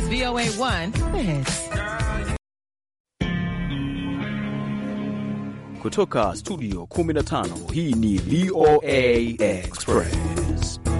is VOA 1 Minutes. Kutoka studio 15 hii ni VOA Express.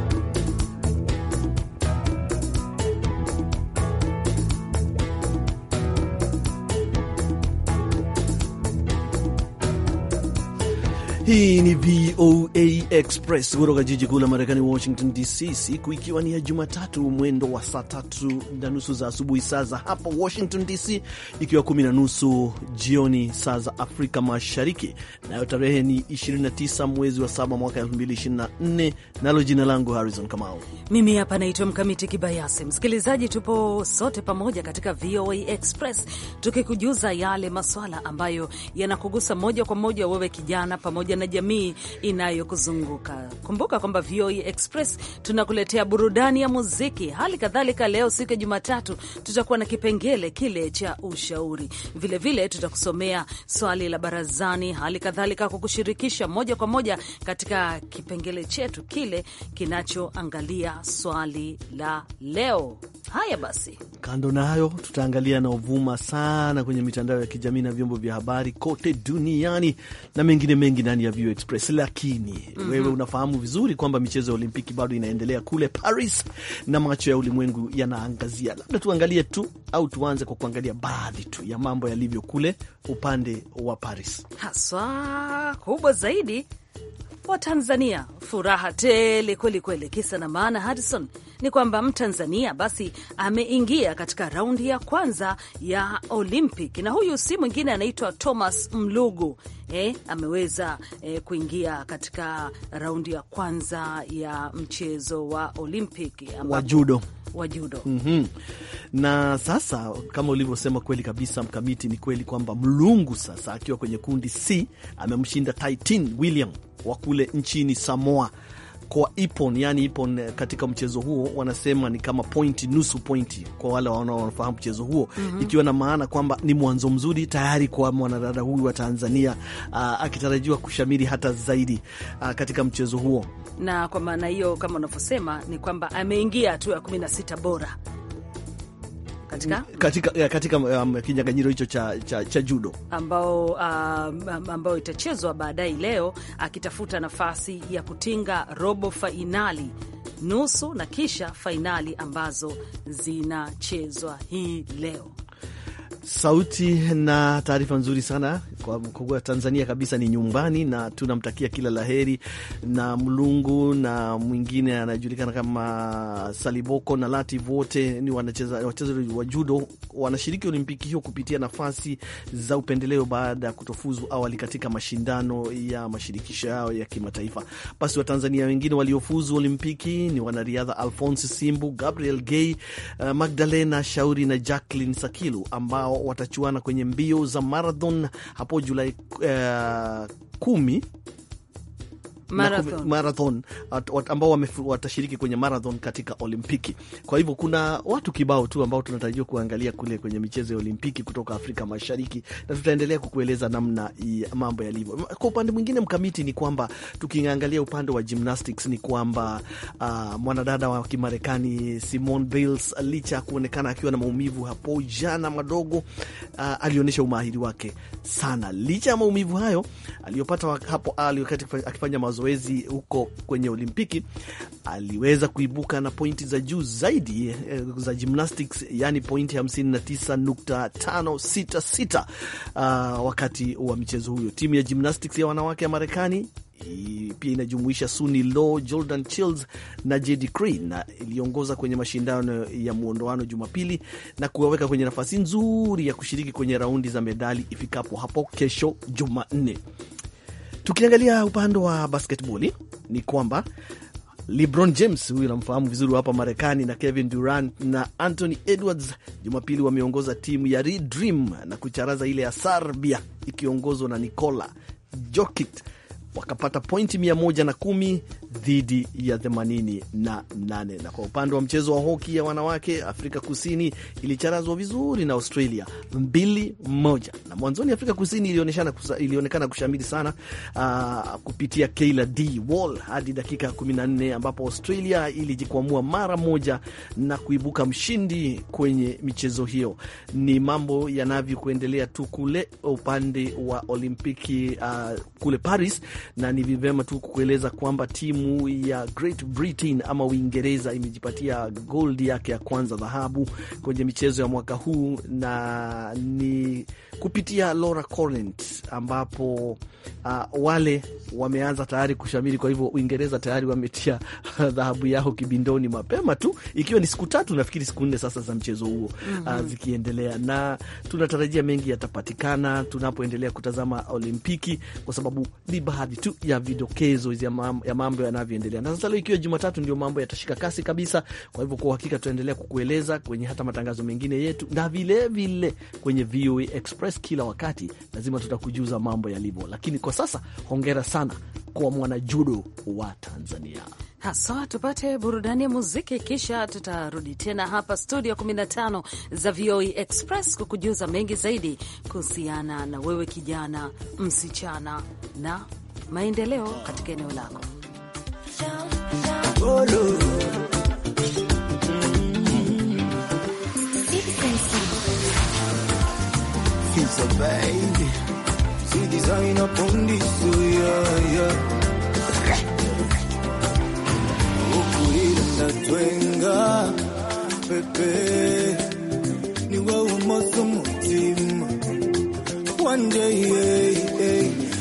Hii ni VOA Express kutoka jiji kuu la Marekani, Washington DC, siku ikiwa ni ya Jumatatu, mwendo wa saa tatu na nusu za asubuhi, saa za hapa Washington DC, ikiwa kumi na nusu jioni, saa za Afrika Mashariki. Nayo tarehe ni 29 mwezi wa saba mwaka 2024. Nalo jina langu Harrison Kamau, mimi hapa naitwa Mkamiti Kibayasi. Msikilizaji, tupo sote pamoja katika VOA Express tukikujuza yale maswala ambayo yanakugusa moja kwa moja wewe kijana pamoja na jamii inayokuzunguka. Kumbuka kwamba VOA e Express tunakuletea burudani ya muziki, hali kadhalika leo siku ya Jumatatu tutakuwa na kipengele kile cha ushauri, vilevile tutakusomea swali la barazani, hali kadhalika kukushirikisha moja kwa moja katika kipengele chetu kile kinachoangalia swali la leo. Haya basi, kando na hayo, tutaangalia uvuma sana kwenye mitandao ya kijamii na vyombo vya habari kote duniani na mengine mengi ndani ya ya Vio Express, lakini mm -hmm. wewe unafahamu vizuri kwamba michezo ya Olimpiki bado inaendelea kule Paris na macho ya ulimwengu yanaangazia. Labda tuangalie tu au tuanze kwa kuangalia baadhi tu ya mambo yalivyo kule upande wa Paris, haswa kubwa zaidi Watanzania furaha tele kweli kweli. Kisa na maana, Harrison, ni kwamba Mtanzania basi ameingia katika raundi ya kwanza ya Olympic, na huyu si mwingine anaitwa Thomas Mlugu. Eh, ameweza eh, kuingia katika raundi ya kwanza ya mchezo wa Olympic wa judo wa judo. mm -hmm. Na sasa kama ulivyosema, kweli kabisa mkamiti, ni kweli kwamba Mlungu sasa akiwa kwenye kundi C amemshinda Titan William wa kule nchini Samoa kwa ipon, yani ipon eh, katika mchezo huo wanasema ni kama pointi, nusu pointi kwa wale wanaofahamu mchezo huo mm -hmm. Ikiwa na maana kwamba ni mwanzo mzuri tayari kwa mwanadada huyu wa Tanzania uh, akitarajiwa kushamiri hata zaidi uh, katika mchezo huo, na kwa maana hiyo kama unavyosema ni kwamba ameingia hatua ya 16 bora katika katika, katika um, kinyang'anyiro hicho cha, cha, cha judo ambao, um, ambao itachezwa baadaye leo akitafuta nafasi ya kutinga robo fainali nusu na kisha fainali ambazo zinachezwa hii leo. Sauti na taarifa nzuri sana kwa Tanzania kabisa ni nyumbani, na tunamtakia kila laheri na Mlungu na mwingine anajulikana kama Saliboko na Latif, wote ni wachezaji wa judo, wanashiriki Olimpiki hiyo kupitia nafasi za upendeleo baada ya kutofuzu awali katika mashindano ya mashirikisho yao ya kimataifa. Basi Watanzania wengine waliofuzu Olimpiki ni wanariadha alfons Simbu, Gabriel Gay, eh, Magdalena Shauri na Jacqueline Sakilu ambao watachuana kwenye mbio za marathon hapo Julai uh, eh, kumi marathon, ambao watashiriki kwenye marathon katika Olimpiki. Kwa hivyo kuna watu kibao tu ambao tunatarajiwa kuangalia kule kwenye michezo ya Olimpiki kutoka Afrika Mashariki, na tutaendelea kukueleza namna mambo yalivyo. Kwa upande mwingine, mkamiti ni kwamba tukiangalia upande wa gymnastics ni kwamba uh, mwanadada wa Kimarekani Simone Biles licha ya kuonekana akiwa na maumivu hapo jana madogo, uh, alionyesha umahiri wake sana licha ya maumivu hayo aliyopata hapo ali akifanya mazoezi mazoezi huko kwenye Olimpiki, aliweza kuibuka na pointi za juu zaidi eh, za gymnastics, yani pointi 59.566 uh, ah, wakati wa mchezo huyo. Timu ya gymnastics ya wanawake ya Marekani pia inajumuisha Suni Law, Jordan Chills na Jedi Crane na iliongoza kwenye mashindano ya mwondoano Jumapili na kuwaweka kwenye nafasi nzuri ya kushiriki kwenye raundi za medali ifikapo hapo kesho Jumanne. Tukiangalia upande wa basketball ni kwamba LeBron James huyu namfahamu vizuri hapa Marekani, na Kevin Durant na Anthony Edwards Jumapili wameongoza timu ya Red Dream na kucharaza ile ya Serbia ikiongozwa na Nikola Jokic wakapata pointi 110 dhidi ya 88. Na kwa upande wa mchezo wa hoki ya wanawake, Afrika Kusini ilicharazwa vizuri na Australia 2 na mwanzoni Afrika Kusini ilionekana, ilionekana kushamiri sana aa, ah, kupitia Kayla D Wall hadi dakika 14 ambapo Australia ilijikwamua mara moja na kuibuka mshindi kwenye michezo hiyo. Ni mambo yanavyokuendelea tu kule upande wa Olimpiki aa, ah, kule Paris na ni vivema tu kukueleza kwamba timu ya Great Britain ama Uingereza imejipatia goldi yake ya kwanza dhahabu kwenye michezo ya mwaka huu, na ni kupitia Laura Corent ambapo uh, wale wameanza tayari kushamiri. Kwa hivyo Uingereza tayari wametia dhahabu yao kibindoni mapema tu, ikiwa ni siku tatu, nafikiri siku nne sasa za mchezo huo mm -hmm. uh, mhm. zikiendelea, na tunatarajia mengi yatapatikana tunapoendelea kutazama Olimpiki kwa sababu ni baada baadhi tu ya vidokezo ya mambo yanavyoendelea. Na sasa leo ikiwa Jumatatu, ndio mambo yatashika kasi kabisa. Kwa hivyo, kwa uhakika tutaendelea kukueleza kwenye hata matangazo mengine yetu na vilevile kwenye VOA e Express kila wakati, lazima tutakujuza mambo yalivyo. Lakini kwa sasa, hongera sana kwa mwanajudo wa Tanzania haswa. so, Tupate burudani ya muziki, kisha tutarudi tena hapa studio 15 za VOA e Express kukujuza mengi zaidi kuhusiana na wewe kijana msichana na maendeleo katika eneo lako. Ni wewe mutima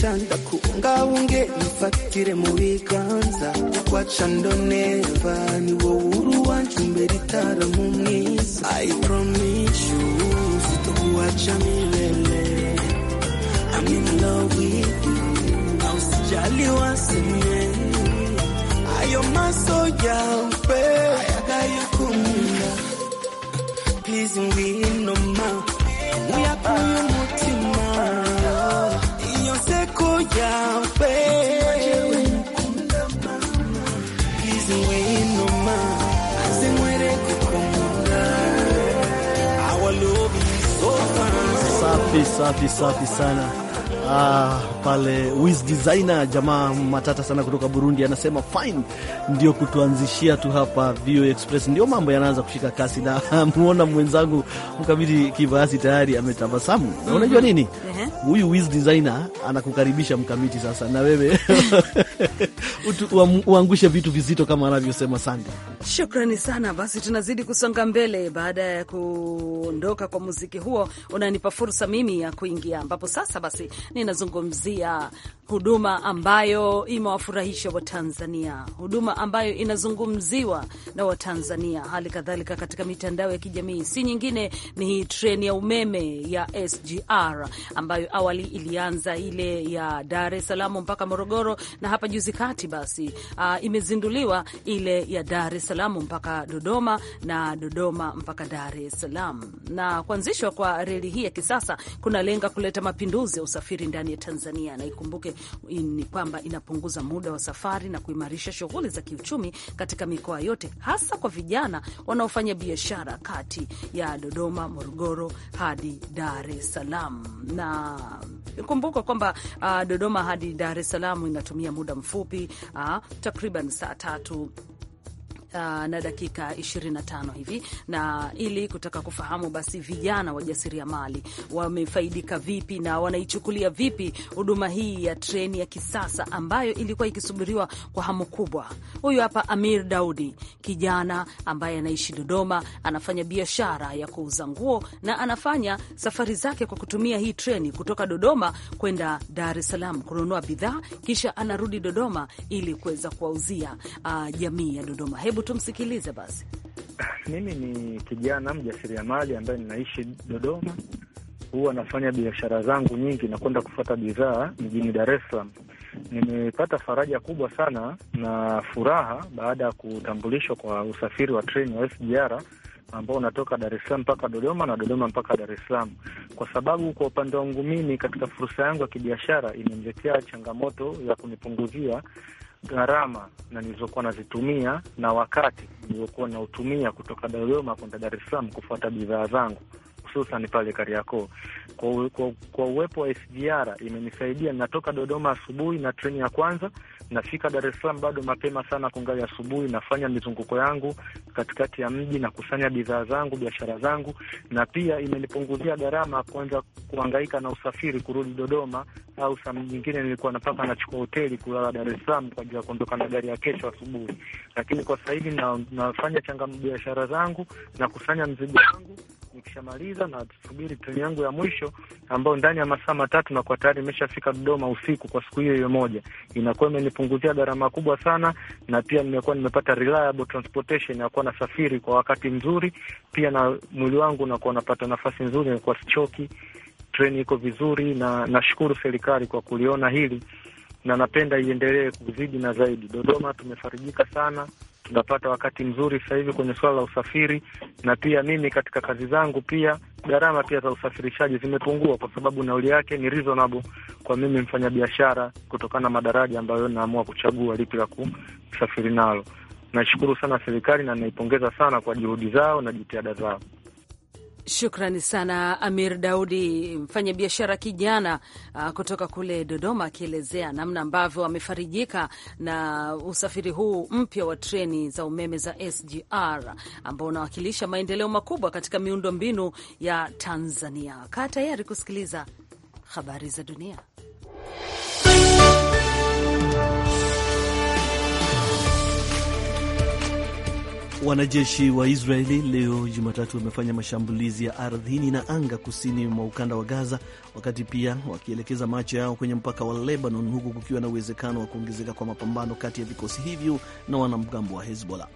kushanda kuungaunge nifatire mu biganza kwaca neva ni wowe uri uwanje umbere itaramu mwiza I promise you sitokuwacha milele I'm in love with you na usijali wasemye ayo maso ya upe ayagayo kumina please wino ma muyakuyo Safi safi safi sana. Ah, pale Wiz Designer, jamaa matata sana kutoka Burundi, anasema fine, ndio kutuanzishia tu hapa VOA Express, ndio mambo yanaanza kushika kasi, na muona mwenzangu mkamiti kibayasi tayari ametabasamu mm -hmm. Na mhm. unajua nini huyu uh -huh. Wiz Designer anakukaribisha mkamiti sasa, na wewe uangushe vitu vizito kama anavyosema Sandi. Shukrani sana. Basi tunazidi kusonga mbele, baada ya kuondoka kwa muziki huo unanipa fursa mimi ya kuingia, ambapo sasa basi ninazungumzia 啊，huduma ambayo imewafurahisha Watanzania, huduma ambayo inazungumziwa na Watanzania hali kadhalika katika mitandao ya kijamii, si nyingine ni hii treni ya umeme ya SGR ambayo awali ilianza ile ya Dar es Salaam mpaka Morogoro, na hapa juzi kati basi uh, imezinduliwa ile ya Dar es Salaam mpaka Dodoma na Dodoma mpaka Dar es Salaam. Na kuanzishwa kwa reli hii ya kisasa kunalenga kuleta mapinduzi ya usafiri ndani ya Tanzania, na ikumbuke ni kwamba inapunguza muda wa safari na kuimarisha shughuli za kiuchumi katika mikoa yote, hasa kwa vijana wanaofanya biashara kati ya Dodoma, Morogoro hadi Dar es Salaam na kumbuka kwamba uh, Dodoma hadi Dar es Salaam inatumia muda mfupi uh, takriban saa tatu uh, na dakika 25 hivi, na ili kutaka kufahamu basi vijana wajasiriamali wamefaidika vipi na wanaichukulia vipi huduma hii ya treni ya kisasa ambayo ilikuwa ikisubiriwa kwa hamu kubwa. Huyu hapa Amir Daudi, kijana ambaye anaishi Dodoma, anafanya biashara ya kuuza nguo na anafanya safari zake kwa kutumia hii treni kutoka Dodoma kwenda Dar es Salaam kununua bidhaa, kisha anarudi Dodoma ili kuweza kuwauzia uh, jamii ya Dodoma. Hebu Hebu tumsikilize basi. Mimi ni kijana mjasiriamali ambaye ninaishi Dodoma. Huwa nafanya biashara zangu nyingi na kwenda kufuata bidhaa mjini Dar es Salaam. Nimepata faraja kubwa sana na furaha baada ya kutambulishwa kwa usafiri wa treni wa SGR ambao unatoka Dar es Salaam mpaka Dodoma na Dodoma mpaka Dar es Salaam, kwa sababu kwa upande wangu mimi, katika fursa yangu ya kibiashara, imeniletea changamoto ya kunipunguzia gharama na nilizokuwa nazitumia na wakati niliokuwa nautumia kutoka Dodoma kwenda Dar es Salaam kufuata bidhaa zangu hususan pale Kariakoo. Kwa, kwa, kwa uwepo wa SGR imenisaidia, natoka Dodoma asubuhi na treni ya kwanza, nafika Dar es Salaam bado mapema sana, kungali asubuhi. Nafanya mizunguko yangu katikati ya mji na kusanya bidhaa zangu, biashara zangu, na pia imenipunguzia gharama kuanza kuhangaika na usafiri kurudi Dodoma, au saa nyingine nilikuwa napaka nachukua hoteli kulala Dar es Salaam kwa ajili ya kuondoka na gari ya kesho asubuhi. Lakini kwa sasa hivi na, nafanya changa biashara zangu na kusanya mzigo wangu nikishamaliza na tusubiri treni yangu ya mwisho ambayo ndani ya masaa matatu nakuwa tayari imeshafika Dodoma usiku kwa siku hiyo hiyo moja. Inakuwa imenipunguzia gharama kubwa sana, na pia nimekuwa nimepata reliable transportation ya kuwa nasafiri kwa wakati mzuri, pia na mwili wangu unakuwa unapata nafasi nzuri, nakuwa sichoki, treni iko vizuri, na nashukuru serikali kwa kuliona hili na napenda iendelee kuzidi na zaidi. Dodoma tumefarijika sana, tunapata wakati mzuri sasa hivi kwenye suala la usafiri, na pia mimi katika kazi zangu pia gharama pia za usafirishaji zimepungua, kwa sababu nauli yake ni reasonable kwa mimi mfanyabiashara, kutokana na madaraja ambayo naamua kuchagua lipi la kusafiri nalo. Nashukuru sana serikali na naipongeza sana kwa juhudi zao na jitihada zao. Shukrani sana Amir Daudi, mfanyabiashara kijana uh, kutoka kule Dodoma, akielezea namna ambavyo amefarijika na usafiri huu mpya wa treni za umeme za SGR ambao unawakilisha maendeleo makubwa katika miundo mbinu ya Tanzania. Kaa tayari kusikiliza habari za dunia. Wanajeshi wa Israeli leo Jumatatu wamefanya mashambulizi ya ardhini na anga kusini mwa ukanda wa Gaza, wakati pia wakielekeza macho yao kwenye mpaka wa Lebanon, huku kukiwa na uwezekano wa kuongezeka kwa mapambano kati ya vikosi hivyo na wanamgambo wa Hezbollah.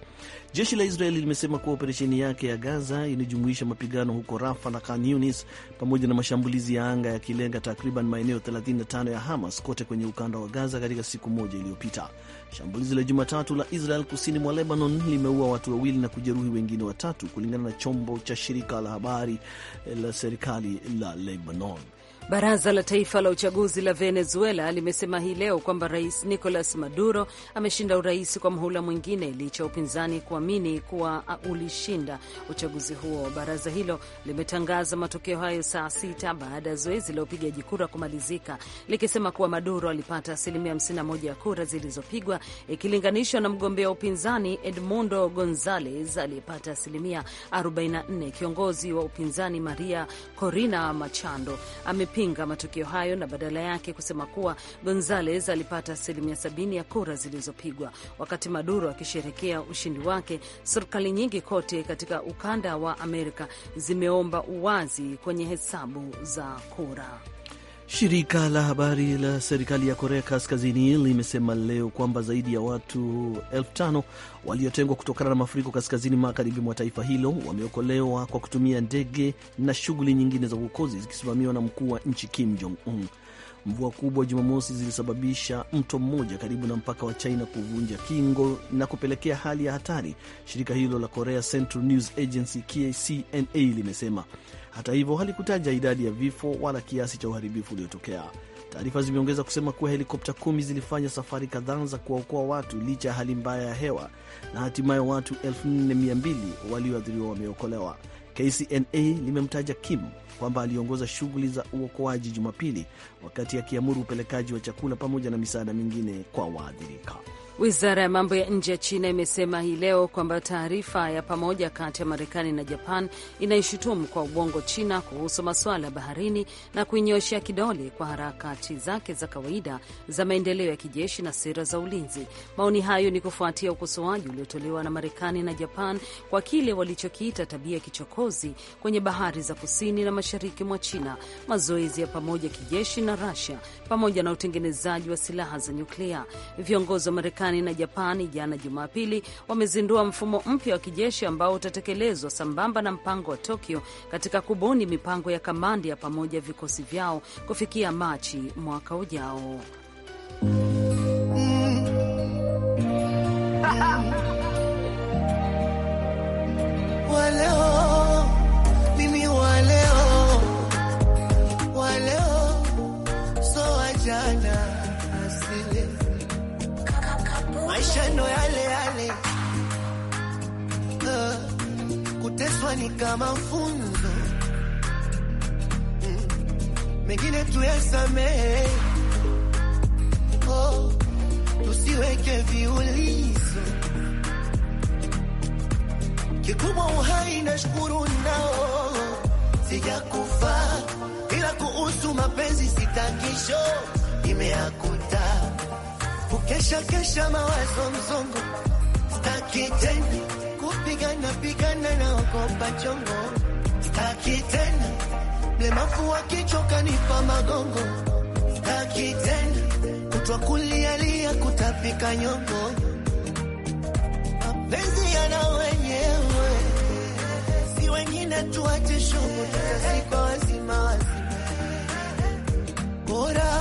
Jeshi la Israeli limesema kuwa operesheni yake ya Gaza ilijumuisha mapigano huko Rafa na Khan Yunis pamoja na mashambulizi ya anga yakilenga takriban maeneo 35 ya Hamas kote kwenye ukanda wa Gaza katika siku moja iliyopita. Shambulizi la Jumatatu la Israel kusini mwa Lebanon limeua watu wawili na kujeruhi wengine watatu, kulingana na chombo cha shirika la habari la serikali la Lebanon. Baraza la Taifa la Uchaguzi la Venezuela limesema hii leo kwamba Rais Nicolas Maduro ameshinda urais kwa mhula mwingine licha ya upinzani kuamini kuwa ulishinda uchaguzi huo. Baraza hilo limetangaza matokeo hayo saa sita baada ya zoezi la upigaji kura kumalizika, likisema kuwa Maduro alipata asilimia 51 ya kura zilizopigwa ikilinganishwa na mgombea wa upinzani Edmundo Gonzalez aliyepata asilimia 44. Kiongozi wa upinzani Maria Corina Machado ame kupinga matokeo hayo na badala yake kusema kuwa Gonzales alipata asilimia sabini ya kura zilizopigwa. Wakati Maduro akisherekea ushindi wake, serikali nyingi kote katika ukanda wa Amerika zimeomba uwazi kwenye hesabu za kura. Shirika la habari la serikali ya Korea Kaskazini limesema leo kwamba zaidi ya watu elfu tano waliotengwa kutokana na mafuriko kaskazini magharibi mwa taifa hilo wameokolewa kwa kutumia ndege na shughuli nyingine za uokozi zikisimamiwa na mkuu wa nchi Kim Jong Un. Mvua kubwa Jumamosi zilisababisha mto mmoja karibu na mpaka wa China kuvunja kingo na kupelekea hali ya hatari, shirika hilo la Korea Central News Agency KCNA limesema. Hata hivyo, halikutaja idadi ya vifo wala kiasi cha uharibifu uliotokea. Taarifa zimeongeza kusema kuwa helikopta kumi zilifanya safari kadhaa za kuwaokoa watu licha ya hali mbaya ya hewa, na hatimaye watu 4200 walioathiriwa wameokolewa. KCNA limemtaja Kim kwamba aliongoza shughuli za uokoaji Jumapili wakati akiamuru upelekaji wa chakula pamoja na misaada mingine kwa waathirika. Wizara ya mambo ya nje ya China imesema hii leo kwamba taarifa ya pamoja kati ya Marekani na Japan inaishutumu kwa ubongo China kuhusu masuala ya baharini na kuinyoshea kidole kwa harakati zake za kawaida za maendeleo ya kijeshi na sera za ulinzi. Maoni hayo ni kufuatia ukosoaji uliotolewa na Marekani na Japan kwa kile walichokiita tabia ya kichokozi kwenye bahari za kusini na mashariki mwa China, mazoezi ya pamoja kijeshi na rasia pamoja na utengenezaji wa silaha za nyuklia. Viongozi wa Marekani Marekani na Japani jana Jumapili wamezindua mfumo mpya wa kijeshi ambao utatekelezwa sambamba na mpango wa Tokyo katika kubuni mipango ya kamandi ya pamoja vikosi vyao kufikia Machi mwaka ujao. Mm. maneno yale yale. Uh, kuteswa ni kama funzo mm. Mengine tuyasamehe, oh, tusiweke viulizo. Kikubwa uhai na shukuru nao, sijakufa ila kuhusu mapenzi sitakisho imeaku kesha kesha, mawazo mzongo staki tena kupigana pigana na ogopa chongo, staki tena mlemavu wakichoka nipa magongo, staki tena kutwa kulialia kutapika nyongo, mapenzi yana wenyewe, si wengine tuache shongo, kwa wazima wazima bora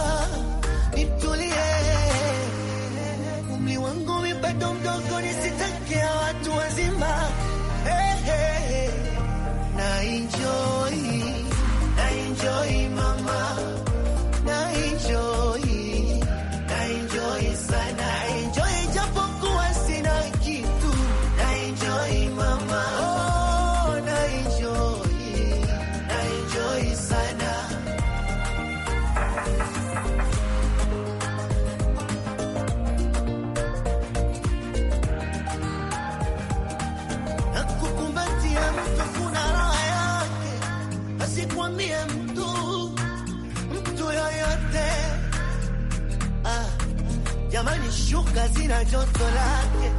shuka zina joto lake,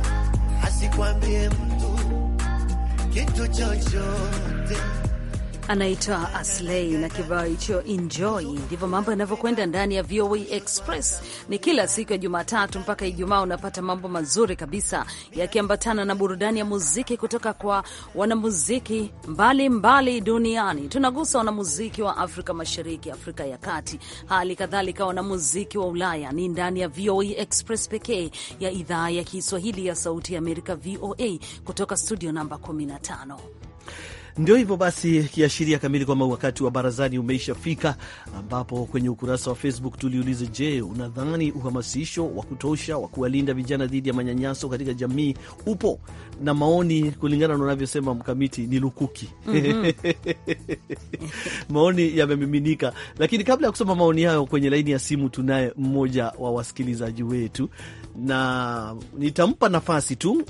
asikwambie mtu kitu chochote anaitwa Aslei na kibao hicho enjoy. Ndivyo mambo yanavyokwenda ndani ya VOA Express. Ni kila siku ya Jumatatu mpaka Ijumaa unapata mambo mazuri kabisa yakiambatana na burudani ya muziki kutoka kwa wanamuziki mbalimbali mbali duniani. Tunagusa wanamuziki wa Afrika Mashariki, Afrika ya Kati, hali kadhalika wanamuziki wa Ulaya. Ni ndani ya VOA Express pekee ya idhaa ya Kiswahili ya Sauti ya Amerika, VOA, kutoka studio namba 15. Ndio hivyo basi, kiashiria kamili kwamba wakati wa barazani umeisha fika ambapo kwenye ukurasa wa Facebook tuliuliza, je, unadhani uhamasisho wa kutosha wa kuwalinda vijana dhidi ya manyanyaso katika jamii upo? Na maoni kulingana na unavyosema Mkamiti ni lukuki. mm -hmm. maoni yamemiminika, lakini kabla ya kusoma maoni hayo, kwenye laini ya simu tunaye mmoja wa wasikilizaji wetu, na nitampa nafasi tu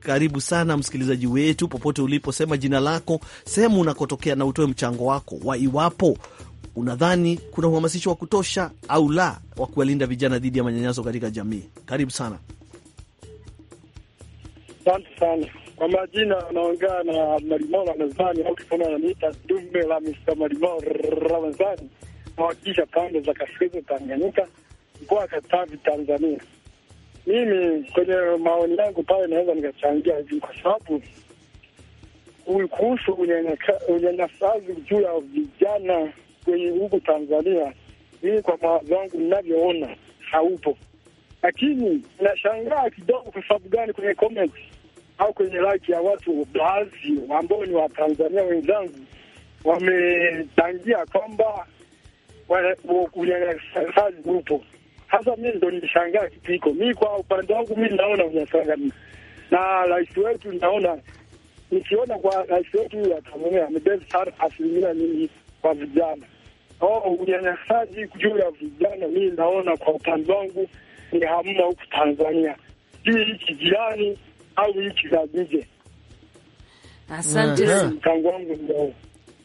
karibu sana msikilizaji wetu popote uliposema jina lako, sehemu unakotokea na utoe mchango wako wa iwapo unadhani kuna uhamasisho wa kutosha au la wa kuwalinda vijana dhidi ya manyanyaso katika jamii. Karibu sana. Asante sana kwa majina, anaongea na marimao Ramazani au kifona wananiita dume la Mr. marimao Ramazani, nawakilisha pande za kaskazini Tanganyika, mkoa wa Katavi, Tanzania mimi kwenye maoni yangu pale naweza nikachangia hivi, kwa sababu kuhusu unyanyasaji juu ya vijana kwenye huku Tanzania, mimi kwa mawazo yangu ninavyoona haupo, lakini nashangaa kidogo. Kwa sababu gani? Kwenye comment au kwenye like ya watu baadhi ambao ni Watanzania wenzangu wamechangia kwamba unyanyasaji upo sasa mi ndo nimeshangaa kitu hiko. Mi kwa upande wangu mi naona unyasanga na rais wetu, naona nikiona kwa rais wetu ya Tanzania amebeba sana asilimia nyingi kwa vijana. Oh, unyanyasaji juu ya vijana, mi naona kwa upande wangu ni hamna huku Tanzania, sijui hiki jirani au hiki za nje Asante, mchango wangu ndio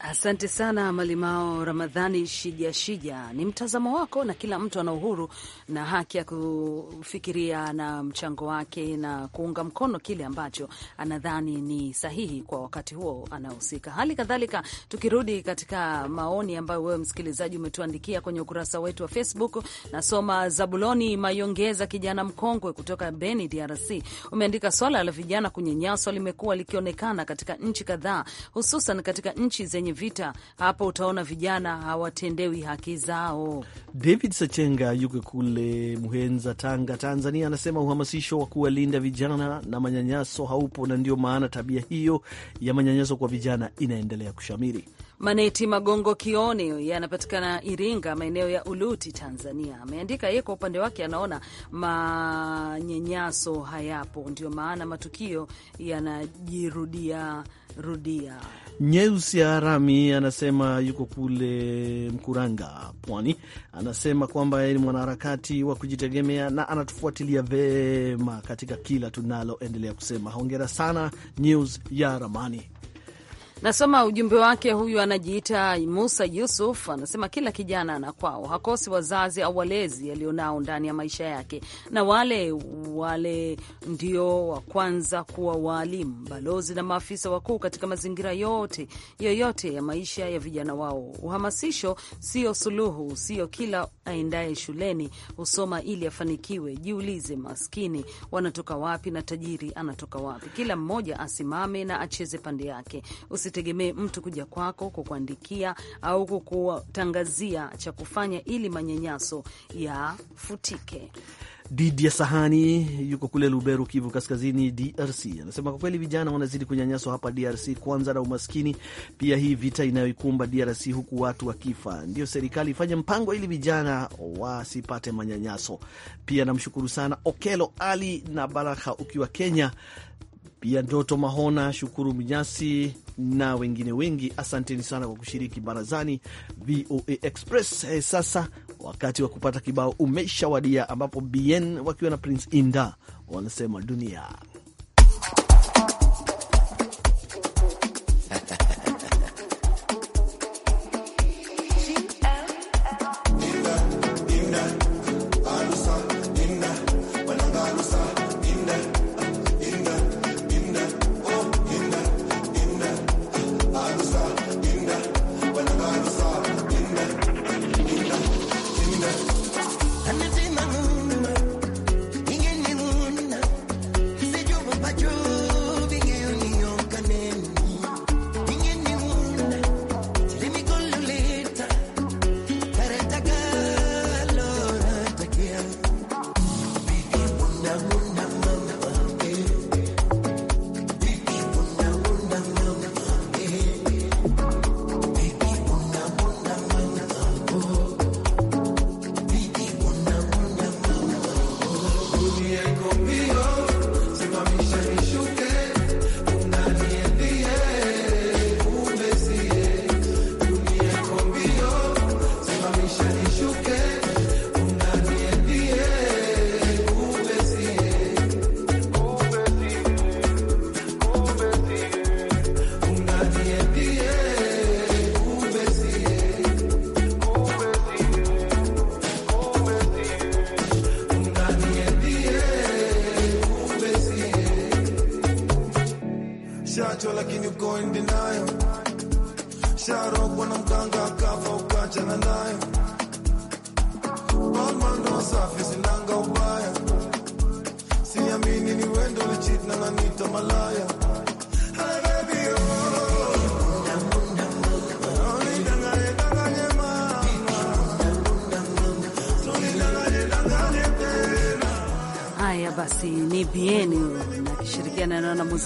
Asante sana Malimao Ramadhani Shija Shija. Ni mtazamo wako, na kila mtu ana uhuru na haki ya kufikiria na mchango wake na kuunga mkono kile ambacho anadhani ni sahihi kwa wakati huo anahusika. Hali kadhalika, tukirudi katika maoni ambayo wewe msikilizaji umetuandikia kwenye ukurasa wetu wa Facebook, nasoma Zabuloni Mayongeza, kijana mkongwe kutoka Beni, DRC. Umeandika swala la vijana kunyanyaswa limekuwa likionekana katika nchi kadhaa, hususan katika nchi zenye vita, hapo utaona vijana hawatendewi haki zao. David Sachenga yuko kule Muhenza, Tanga, Tanzania, anasema uhamasisho wa kuwalinda vijana na manyanyaso haupo, na ndio maana tabia hiyo ya manyanyaso kwa vijana inaendelea kushamiri. Maneti Magongo Kione yanapatikana Iringa, maeneo ya Uluti, Tanzania, ameandika yeye kwa upande wake anaona manyanyaso hayapo, ndio maana matukio yanajirudia rudia. Nyeusi ya rami anasema yuko kule Mkuranga, Pwani. Anasema kwamba yeye ni mwanaharakati wa kujitegemea na anatufuatilia vema katika kila tunaloendelea kusema. Hongera sana News ya Ramani. Nasoma ujumbe wake. Huyu anajiita Musa Yusuf, anasema kila kijana ana kwao, hakosi wazazi au walezi alionao ndani ya maisha yake, na wale wale ndio wa kwanza kuwa waalimu, balozi na maafisa wakuu katika mazingira yote yoyote ya maisha ya vijana wao. Uhamasisho sio suluhu, sio kila aendaye shuleni husoma ili afanikiwe. Jiulize, maskini wanatoka wapi na tajiri anatoka wapi? Kila mmoja asimame na acheze pande yake Usi usitegemee mtu kuja kwako kukuandikia au kukutangazia cha kufanya ili manyanyaso yafutike. Didi ya Sahani yuko kule Luberu, Kivu Kaskazini, DRC, anasema kwa kweli vijana wanazidi kunyanyaswa hapa DRC, kwanza na umaskini, pia hii vita inayoikumba DRC huku watu wakifa. Ndio serikali ifanye mpango ili vijana wasipate manyanyaso. Pia namshukuru sana Okelo Ali na Baraka ukiwa Kenya, pia Ndoto Mahona, Shukuru Mnyasi na wengine wengi. Asanteni sana kwa kushiriki barazani VOA Express. Eh, sasa wakati wa kupata kibao umeshawadia, ambapo BN wakiwa na Prince Inda wanasema dunia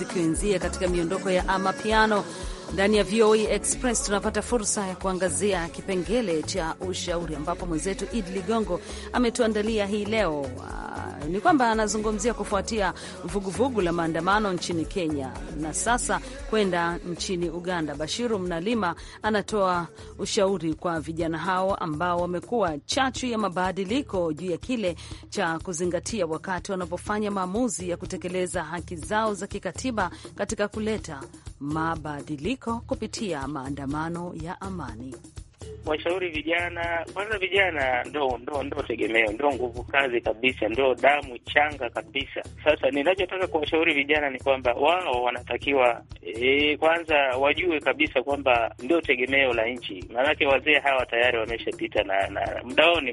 tukianzia katika miondoko ya amapiano ndani ya VOA e Express tunapata fursa ya kuangazia kipengele cha ushauri ambapo mwenzetu Idi Ligongo ametuandalia hii leo ni kwamba anazungumzia kufuatia vuguvugu vugu la maandamano nchini Kenya na sasa kwenda nchini Uganda. Bashiru Mnalima anatoa ushauri kwa vijana hao ambao wamekuwa chachu ya mabadiliko juu ya kile cha kuzingatia wakati wanapofanya maamuzi ya kutekeleza haki zao za kikatiba katika kuleta mabadiliko kupitia maandamano ya amani washauri vijana kwanza. Vijana ndo ndo ndo tegemeo, ndo nguvu kazi kabisa, ndo damu changa kabisa. Sasa ninachotaka kuwashauri vijana ni kwamba wao wanatakiwa e, kwanza wajue kabisa kwamba ndio tegemeo la nchi, maanake wazee hawa tayari wameshapita na, na muda wao ni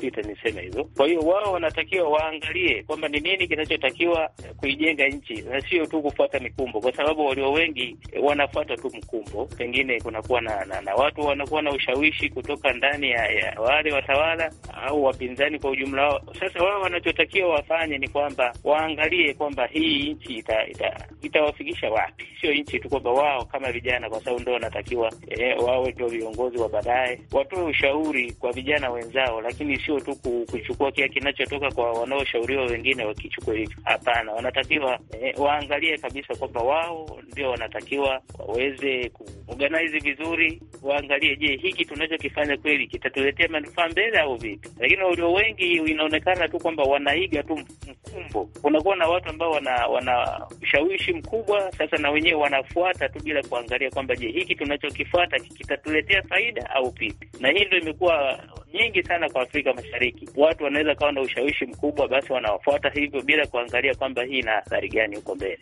niseme hivyo. Kwa hiyo wao wanatakiwa waangalie kwamba ni nini kinachotakiwa kuijenga nchi na sio tu kufuata mikumbo, kwa sababu walio wengi wanafuata tu mkumbo, pengine kunakuwa na, na, na watu wanakuwa na ushawishi ushawishi kutoka ndani ya, ya wale watawala au wapinzani kwa ujumla wao. Sasa wao wanachotakiwa wafanye ni kwamba waangalie kwamba hii nchi itawafikisha ita, ita wapi, sio nchi tu kwamba wao kama vijana, kwa sababu ndo wanatakiwa eh, wawe ndio viongozi wa baadaye, watoe ushauri kwa vijana wenzao, lakini sio tu kuchukua kile kinachotoka kwa wanaoshauriwa wengine wakichukua hivyo. Hapana, wanatakiwa eh, waangalie kabisa kwamba wao ndio wanatakiwa waweze kuorganize vizuri, waangalie, je hiki tunachokifanya kweli kitatuletea manufaa mbele au vipi? Lakini walio wengi inaonekana tu kwamba wanaiga tu mkumbo. Kunakuwa na watu ambao wana, wana ushawishi mkubwa, sasa na wenyewe wanafuata tu bila kuangalia kwamba je, hiki tunachokifuata kitatuletea faida au vipi? Na hii ndo imekuwa nyingi sana kwa Afrika Mashariki. Watu wanaweza kawa na ushawishi mkubwa, basi wanawafuata hivyo bila kuangalia kwamba hii ina athari gani huko mbele.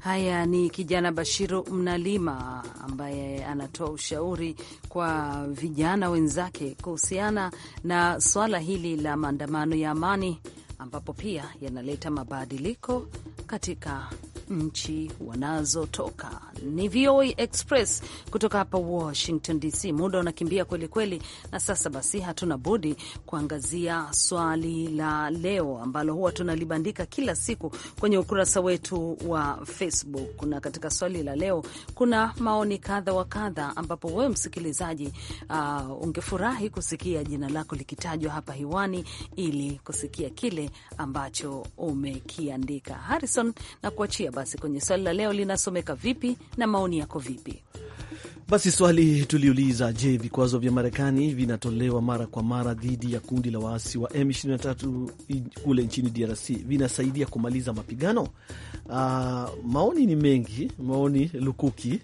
Haya ni kijana Bashiru Mnalima ambaye anatoa ushauri kwa vijana wenzake kuhusiana na swala hili la maandamano ya amani ambapo pia yanaleta mabadiliko katika nchi wanazotoka. Ni VOA Express kutoka hapa Washington DC. Muda unakimbia kweli kweli, na sasa basi hatuna budi kuangazia swali la leo ambalo huwa tunalibandika kila siku kwenye ukurasa wetu wa Facebook. Na katika swali la leo kuna maoni kadha wa kadha, ambapo wewe msikilizaji, uh, ungefurahi kusikia jina lako likitajwa hapa hiwani ili kusikia kile ambacho umekiandika. Harrison, na kuachia basi kwenye swali la leo linasomeka vipi na maoni yako vipi? Basi swali tuliuliza, je, vikwazo vya Marekani vinatolewa mara kwa mara dhidi ya kundi la waasi wa M23 kule nchini DRC vinasaidia kumaliza mapigano? Uh, maoni ni mengi, maoni lukuki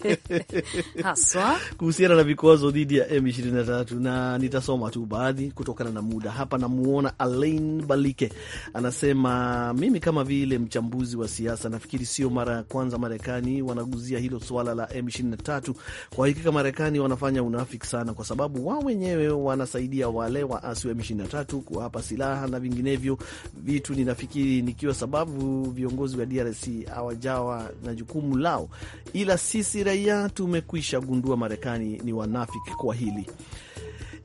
haswa kuhusiana na vikwazo dhidi ya M23, na nitasoma tu baadhi kutokana na muda hapa. Namuona Alain Balike anasema, mimi kama vile mchambuzi wa kisiasa. Nafikiri sio mara ya kwanza Marekani wanaguzia hilo suala la M23. Kwa hakika, Marekani wanafanya unafiki sana, kwa sababu wao wenyewe wanasaidia wale waasi wa M23 kuwapa silaha na vinginevyo vitu. Ninafikiri nikiwa sababu viongozi wa DRC hawajawa na jukumu lao, ila sisi raia tumekwisha gundua Marekani ni wanafiki kwa hili.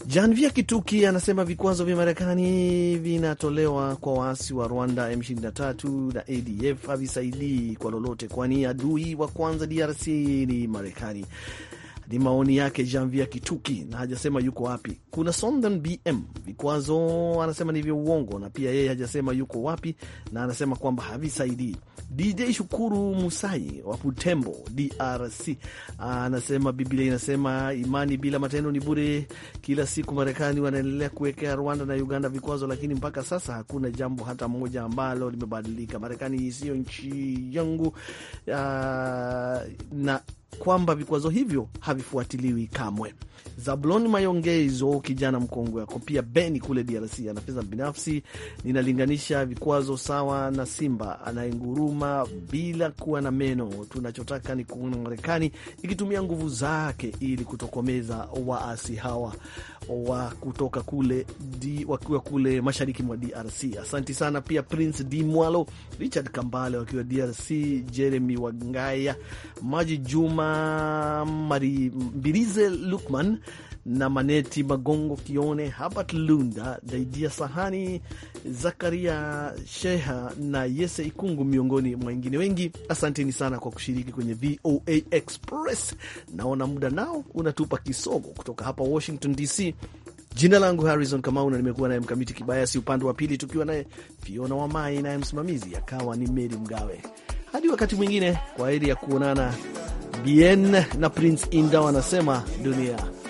Janvia Kituki anasema vikwazo vya Marekani vinatolewa kwa waasi wa Rwanda, M23 na ADF havisaidii kwa lolote, kwani adui wa kwanza DRC ni Marekani. Ni maoni yake Janvia Kituki na hajasema yuko wapi. Kuna Sondan BM vikwazo anasema ni vya uongo, na pia yeye hajasema yuko wapi, na anasema kwamba havisaidii. DJ Shukuru Musai wa Butembo, DRC anasema Biblia inasema imani bila matendo ni bure. Kila siku Marekani wanaendelea kuwekea Rwanda na Uganda vikwazo, lakini mpaka sasa hakuna jambo hata moja ambalo limebadilika. Marekani isiyo nchi yangu uh, na kwamba vikwazo hivyo havifuatiliwi kamwe. zabloni Mayongezo, kijana mkongwe, ako pia Beni kule DRC, anafeza binafsi. Ninalinganisha vikwazo sawa na simba anayenguruma bila kuwa na meno. Tunachotaka ni kuona Marekani ikitumia nguvu zake ili kutokomeza waasi hawa wa kutoka kule di, wakiwa kule mashariki mwa DRC. Asanti sana pia Prince D Mwalo, Richard Kambale wakiwa DRC, Jeremy Wangaya, Maji Juma, Mari Mbirize, Lukman na Maneti Magongo, Kione Habat Lunda, Daidia Sahani, Zakaria Sheha na Yese Ikungu, miongoni mwa wengine wengi. Asanteni sana kwa kushiriki kwenye VOA Express. Naona muda nao unatupa kisogo. Kutoka hapa Washington DC, Jina langu Harrison Kamau na nimekuwa naye Mkamiti Kibayasi upande wa pili, tukiwa naye Fiona Wamai naye msimamizi akawa ni Meri Mgawe. Hadi wakati mwingine, kwa heri ya kuonana. Bien na Prince Inda wanasema dunia